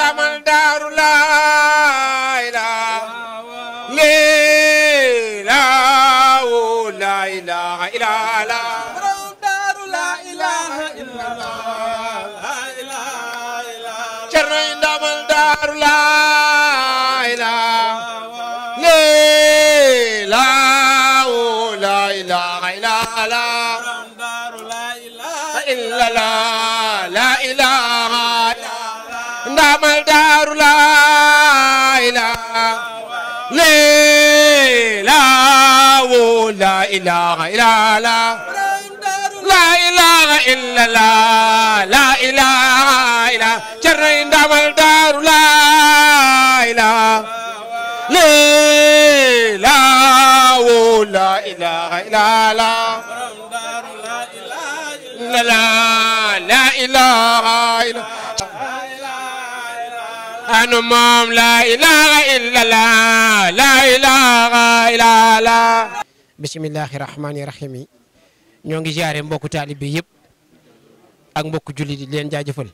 ndamal daaru laa ilaaha lii laa woo laa ilaaha ilaaha laa ilaaha ilaaha cerno ndamal daaru laa ilaaha lii laa woo laa ilaaha ilaaha laa ilaaha amal daaru laa ilaaha laa woo laa ilaaha ilaaha laa ilaaha illallah laa ilaaha ilaaha jarrayn amal daaru laa ilaaha laa woo laa ilaaha illallah laa ilaaha illallah anu moom laa ilaha illallah laa ilaha illallah bismillahi rahmaani ñoo ngi jaare mbokku taalibe yëpp ak mbokku julli di leen jaajëfal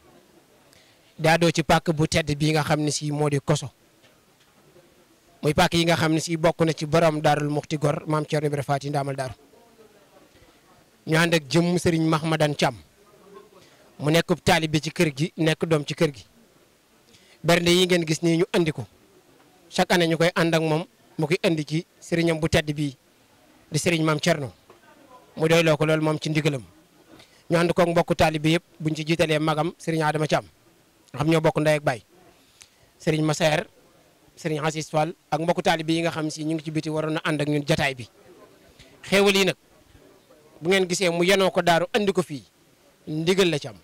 daadoo ci pàkk bu tedd bi nga xam ni si moo di koso muy pàkk yi nga xam ne si bokk na ci borom daarul muxti gor maam Thierno Ibrahima Faty ndaamal daaru ñu ànd ak jëm Serigne Mahmadan Thiam mu nekk taalibe ci kër gi nekk doom ci kër gi bernde yi ngeen gis nii ñu andi ko chaque ñu koy ànd ak moom mu koy andi ci sëriñam bu tedd bii di sëriñ maam Thierno mu doy loo ko loolu moom ci ndigalam ñu ànd koog mbokku taalibe yëpp buñ ci jiitalee magam sëriñ Adama Thiam xam ñoo bokku ndey ak bay sëriñ Massaer sëriñ Assis Fall ak mbokku taalibe yi nga xam si ñu ngi ci biti waroon a ànd ak ñun jataay bi xéewal yi nag bu ngeen gisee mu yenoo ko daaru andi ko fii ndigal la ci am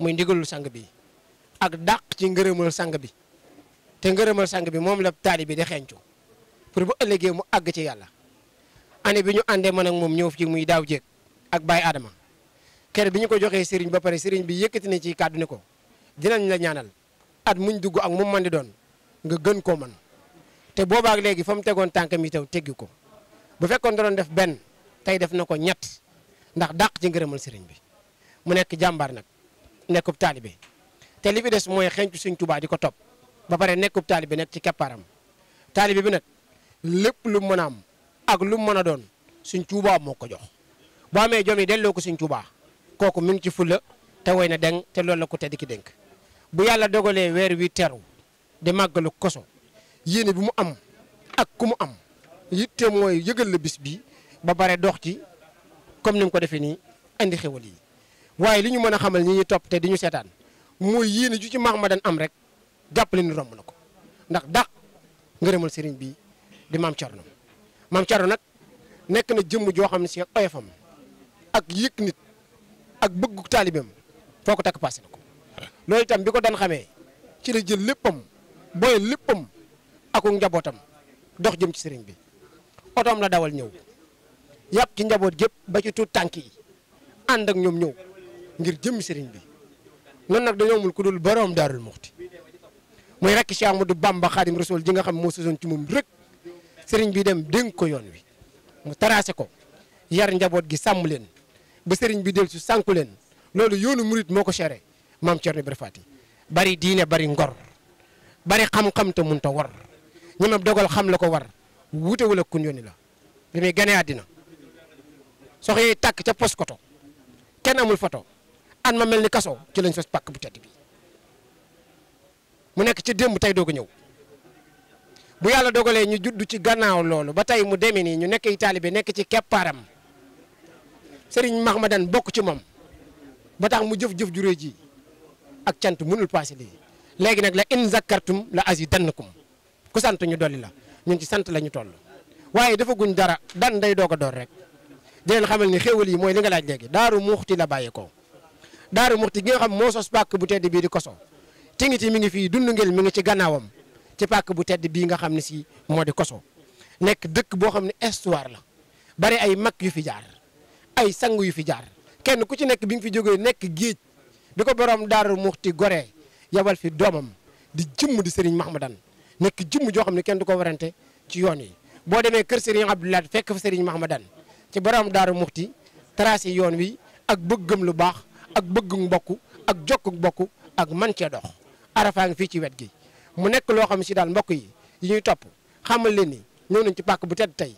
muy ndigalul sang bi ak dàq ci ngërëmal sang bi te ngërëmal sang bi moom la taali bi di xeeñcu pour bu ëllëgee mu àgg ci yàlla année bi ñu àndee man ak moom ñëw fi muy daaw jéeg ak baay Adama kere bi ñu ko joxe sëriñ ba pare sëriñ bi yëkkati ci kàddu ko dinañ la ñaanal at muñ dugg ak mu man di doon nga gën koo man te boobaak léegi fa mu tegoon tànkam itam teggi ko bu fekkoon da doon def benn tey def na ko ñett ndax dàq ci ngërëmal sëriñ bi mu nekk jàmbaar nag nekkub taalibe te li fi des mooy xencu Sëñ Tuubaa di ko topp ba pare nekkub taalibe nekk ci keppaaram taalibe bi nag lépp lu mën a am ak lu mën a doon Sëñ Tuubaa moo ko jox boo amee jom yi delloo ko Sëñ Tuubaa kooku mi ngi ci fulla te woy na deng te loolu la ko te di ki dénk bu yàlla dogalee weer wi teru di màggalu koso yéene bi mu am ak ku mu am yitte mooy yëgal la bis bi ba pare dox ci comme ni mu ko defee nii indi xewal yi waaye li ñu mën a xamal ñi ñuy topp te ñu seetaan mooy yéene ju ci Mahmadan am rek jàppale ni romb na ko ndax dàq ngërëmal sëriñ bi di maam Thierno maam Thierno nag nekk na jëmm joo xam ne si oyofam ak yëg nit ak bëggu taalibeem foo ko takk passé na ko loolu itam bi ko daan xamee ci la jël léppam booy léppam njabootam dox jëm ci sëriñ bi otoom la dawal ñëw yàpp ci njaboot gépp ba ci tuut tànk yi ànd ak ñoom ñëw ngir jëmmi sëriñ bi loolu nag dañoo amul ku dul borom daarul muxti muy rek Cheikh Amadou Bamba Xaadim Rasul ji nga xam moo sosoon ci moom rek sëriñ bi dem dénk ko yoon wi mu tracé ko yar njaboot gi sàmm leen ba sëriñ bi del su sànku leen loolu yoonu murit moo ko chéré maam Thierno Ibrahima Fati bari diine bari ngor bari xam-xam te munta war ñemam dogal xam la ko war wuute wala kun yooni la bi muy ganee àddina soxee tàkk ca poskoto kenn amul photo an ma mel ni kaso ci lañ sos pàkk bu tedd bi mu nekk ci démb tey doog a ñëw bu yàlla dogalee ñu judd ci gannaaw loolu ba tey mu demee nii ñu nekk yi taalibe nekk ci keppaaram ma dan bokk ci moom ba tax mu jëf-jëf ju ji ak cant mënul passé lii léegi nag la in zakartum la azidannakum ku sant ñu dolli la ñun ci sant la ñu toll waaye dafa guñ dara dan day doog a door rek di leen xamal ni xéwal yi mooy li nga laaj léegi daaru muuxti la bàyyeekoo. daar muxti gi nga xam moo sos pàkk bu tedd bii di koso tingiti mi ngi fii dundu ngel mu ngi ci gannaawam ci pàkk bu tedd bii nga xam ne si moo di koso nekk dëkk boo xam ne histoire la bari ay mag yu fi jaar ay sang yu fi jaar kenn ku ci nekk bi nga fi jógee nekk géej bi ko borom daaru muxti gore yabal fi doomam di jëmm di Serigne Mahmadan nekk jëmm joo xam ne kenn du ko warante ci yoon yi boo demee kër Serigne Abdoulaye fekk fa Serigne Mahmadan ci borom daaru muxti tracé yoon wi ak bëggam lu baax ak bëgg mbokk ak jokk mbokk ak man cee dox arafaa ngi fii ci wet gi mu nekk loo xam si daal mbokk yi yi ñuy topp xamal leen ni ñëw nañ ci pàkk bu tedd tey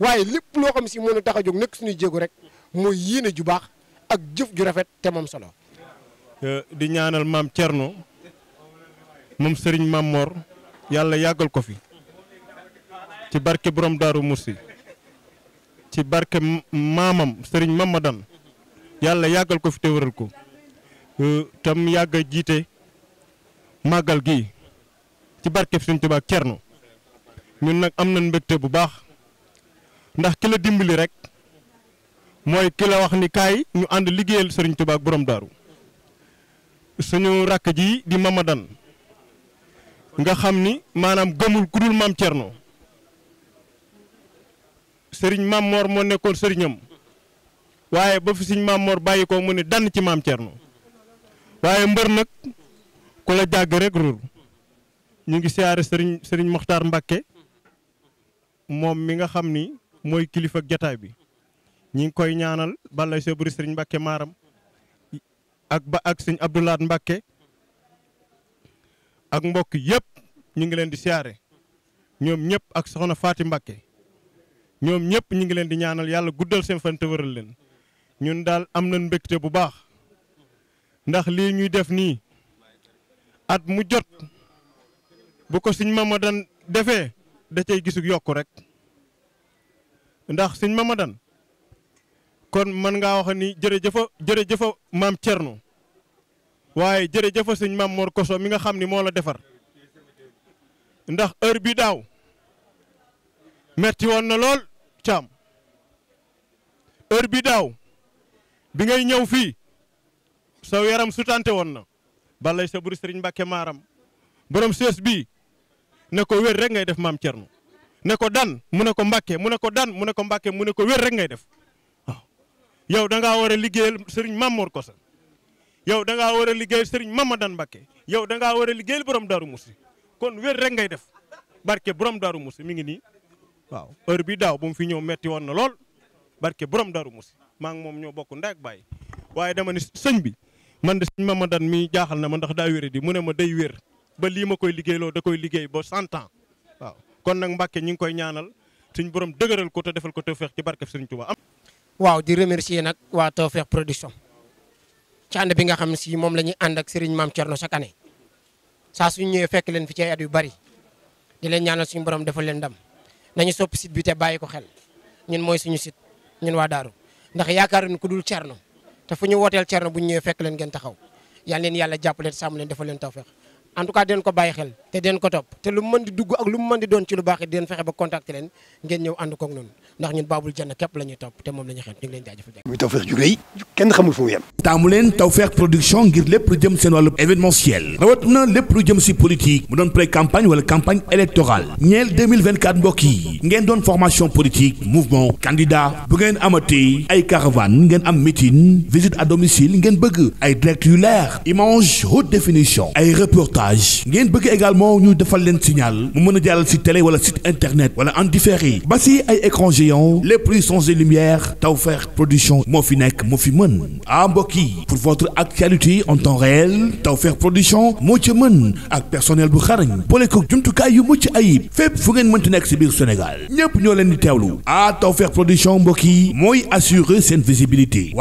waaye lépp loo xam si moom a tax a jóg nekk suñuy jéego rek mooy yéene ju baax ak jëf ju rafet te moom solo euh, di ñaanal maam Thierno moom sëriñ maam Mor yàlla yàggal ko fi ci barke boroom Daaru Mursi ci barke maamam sëriñ Mamadan yàlla yàggal ko fi te wëral ko tam yàgg a jiite màggal gi ci barkeb Sëñ Tuubaa Cerno ñun nag am nañ mbégte bu baax ndax ki la dimbali rek mooy ki la wax ni kaay ñu ànd liggéeyal Sëriñ Tuubaa ak borom daaru suñu rakk ji di Mamadan nga xam ni maanaam gëmul ku dul Cerno sëriñ Maam Moor moo nekkoon sëriñam waaye ba fi suñ maam bàyyi ko mu ne dan ci maam Thierno waaye mbër nag ku la jàgg rek ruur ñu ngi siyaare sëriñ sëriñ Mokhtar Mbakke moom mi nga xam ni mooy kilifa jataay bi ñu ngi koy ñaanal balay sobri sëriñ Mbakke maaram ak ba ak sëñ Abdoulaat Mbakke ak mbokk yëpp ñu ngi leen di siyaare ñoom ñëpp ak soxna Faati Mbakke ñoom ñëpp ñu ngi leen di ñaanal yàlla guddal seen fan te wëral leen ñun daal am na mbégte bu baax ndax lii ñuy def nii at mu jot bu ko sëñ Mamadan defee da cay gisu yokk rek ndax sëñ Mamadan kon mën ngaa wax ni jërëjëfa jërëjëfa mam Thierno waaye jërëjëfa sëñ maam Mor Koso mi nga xam ni moo la defar ndax heure bi daaw metti woon na lool caam heure bi daaw bi ngay ñëw fii soo yaram sutante woon na balay sa buri sëriñ Mbàkke maaram borom sees bii ne ko wér rek ngay def maam Cerno ne ko dan mu ne ko Mbàkke mu ne ko dan mu ne ko Mbàkke mu ne ko wér rek ngay def yow da ngaa war a liggéeyal sëriñ Mamor Kosa yow da ngaa war a liggéeyal sëriñ Mamadan Mbàkke yow da ngaa war a liggéeyal borom Daaru Musi kon wér rek ngay def barke borom Daaru Musi mi ngi nii waaw heure bi daaw bu mu fi ñëw metti woon na lool barke borom Daaru Musi maa ngi moom ñoo bokk ndey ak baay waaye dama ni sëñ bi man de ma Mamadane mi jaaxal na ma ndax daa wér di mu ne ma day wér ba lii ma koy liggéeyloo da koy liggéey ba cent ans waaw kon nag Mbàkke ñu ngi koy ñaanal suñ borom dëgëral ko defal ko tawfeex ci barkeb sëriñ Tuubaa waaw di remercier nag waa feex Production ci ànd bi nga xam si moom la ñuy ànd ak Serigne Mame Thierno chaque année saa suñ ñëwee fekk leen fi ci at yu bari di leen ñaanal suñu borom defal leen ndam nañu sopp sit bi te bàyyi ko xel ñun mooy suñu sit ñun waa Daaru ndax yaakaaruñu ku dul cerno te fu ñu wooteel cerno bu ñu ñëwee fekk leen ngeen taxaw yal leen yàlla jàpp leen sàmm taw dafa leen tawfeex en tout ko bàyyi xel te den ko topp te lu mu mën di dugg ak lu mu mën di doon ci lu baax it den fexe ba contacter leen ngeen ñëw ànd koog noonu ndax ñun baabul janna képp la ñuy te moom la xeet ñu ngi leen kenn xamul fu mu taamu leen Tawfekh production ngir lépp lu jëm seen wàllu événementiel rawat na lépp lu jëm si politique mu doon pré campagne wala campagne électorale ñeel 2024 ngeen doon formation politique mouvement candidat bu ngeen am meeting visite à domicile ngeen bëgg ay direct yu leer image haute définition ay reportage ngeen bëgg moo ñu defal leen signal mu mën a jàllal si télé wala site internet wala en différé ba si ay écran géant les prix son et lumière Tawfekh production moo fi nekk moo fi mën ah mbokk yi pour votre actualité en temps réel Tawfekh production moo ci mën ak personnel bu xarañ boole ko jumtukaay yu mucc ayib fépp fu ngeen mënti nekk si biir Sénégal ñépp ñoo leen di teewlu ah Tawfekh production mbokk yi mooy assurer seen visibilité